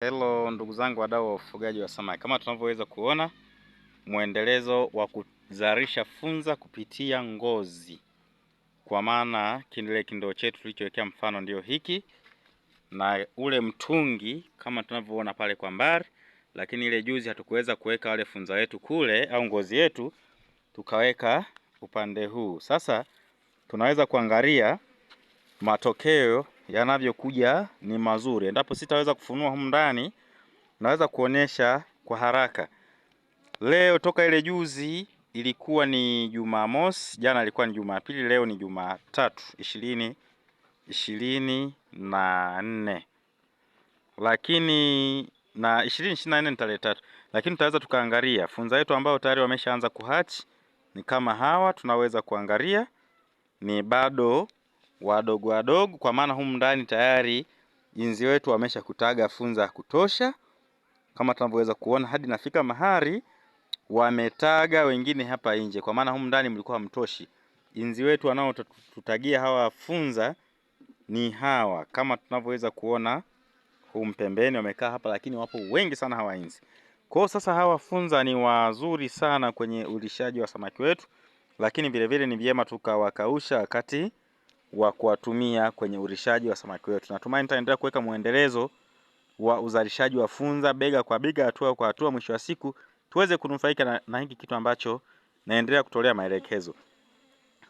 Hello ndugu zangu wadau wa ufugaji wa samaki, kama tunavyoweza kuona mwendelezo wa kuzalisha funza kupitia ngozi, kwa maana kile kindoo chetu tulichowekea mfano ndio hiki na ule mtungi kama tunavyoona pale kwa mbali, lakini ile juzi hatukuweza kuweka wale funza wetu kule au ngozi yetu tukaweka upande huu. Sasa tunaweza kuangalia matokeo yanavyokuja ni mazuri. Endapo sitaweza kufunua humu ndani, naweza kuonyesha kwa haraka. Leo toka ile juzi ilikuwa ni Jumamosi, jana ilikuwa ni Jumapili, leo ni Jumatatu ishirini ishirini na nne lakini na ishirini ishirini na nne ni tarehe tatu, lakini tutaweza tukaangalia funza yetu ambao tayari wameshaanza kuhachi ni kama hawa, tunaweza kuangalia ni bado wadogo wadogo, kwa maana humu ndani tayari jinzi wetu kutaga funza ya kutosha, kama tunavyoweza kuona hadi nafika mahali wametaga wengine hapa nje, kwa maana humu ndani mlikuwa mtoshi. Inzi wetu wanaotutagia hawa funza ni hawa, kama tunavyoweza kuona humu pembeni wamekaa hapa, lakini wapo wengi sana hawa inzi. Kwa sasa hawa funza ni wazuri sana kwenye ulishaji wa samaki wetu, lakini vilevile ni vyema tukawakausha wakati wa kuwatumia kwenye urishaji wa samaki wetu. Natumai nitaendelea kuweka mwendelezo wa uzalishaji wa funza bega kwa bega, hatua kwa hatua, mwisho wa siku tuweze kunufaika na, na hiki kitu ambacho naendelea kutolea maelekezo.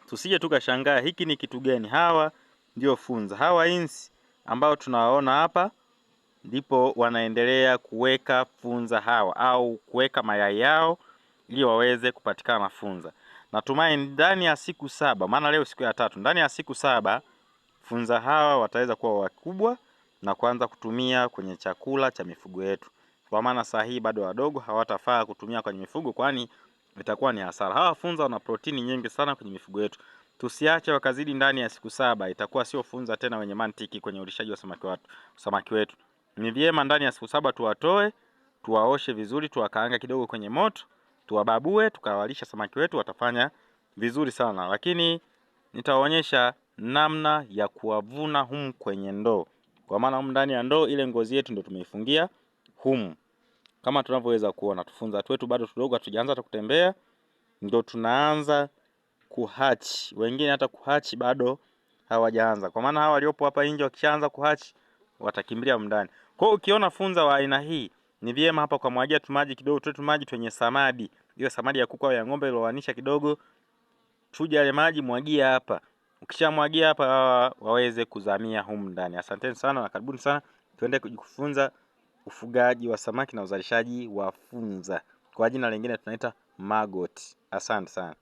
Tusije tukashangaa hiki ni kitu gani. Hawa ndio funza, hawa insi ambao tunawaona hapa ndipo wanaendelea kuweka funza hawa au kuweka mayai yao ili waweze kupatikana funza. Natumai ndani ya siku saba, maana leo siku ya tatu, ndani ya siku saba funza hawa wataweza kuwa wakubwa na kuanza kutumia kwenye chakula cha mifugo yetu, kwa maana saa hii bado wadogo, hawatafaa kutumia kwenye mifugo, kwani itakuwa ni hasara. Hawa funza wana protini nyingi sana kwenye mifugo yetu, tusiache wakazidi ndani ya siku saba, itakuwa sio funza tena wenye mantiki kwenye ulishaji wa samaki watu, samaki wetu. Ni vyema ndani ya siku saba tuwatoe, tuwaoshe vizuri, tuwakaanga kidogo kwenye moto tuwababue, tukawalisha samaki wetu, watafanya vizuri sana, lakini nitawaonyesha namna ya kuwavuna humu kwenye ndoo, kwa maana humu ndani ya ndoo ile ngozi yetu ndio tumeifungia humu, kama tunavyoweza kuona. Tufunza wetu bado tudogo, hatujaanza hata kutembea, ndio tunaanza kuhachi. Wengine hata kuhachi bado hawajaanza, kwa maana hawa waliopo hapa nje wakishaanza kuhachi watakimbilia humu ndani. Kwa hiyo ukiona funza wa aina hii ni vyema hapa kwa mwagia tu maji kidogo, tu maji twenye samadi, hiyo samadi ya kuku au ya ng'ombe ilioanisha kidogo, chuja yale maji, mwagia hapa. Ukishamwagia hapa, waweze kuzamia humu ndani. Asanteni sana na karibuni sana, tuende kujifunza ufugaji wa samaki na uzalishaji wa funza. Kwa jina lingine tunaita magoti. Asante sana.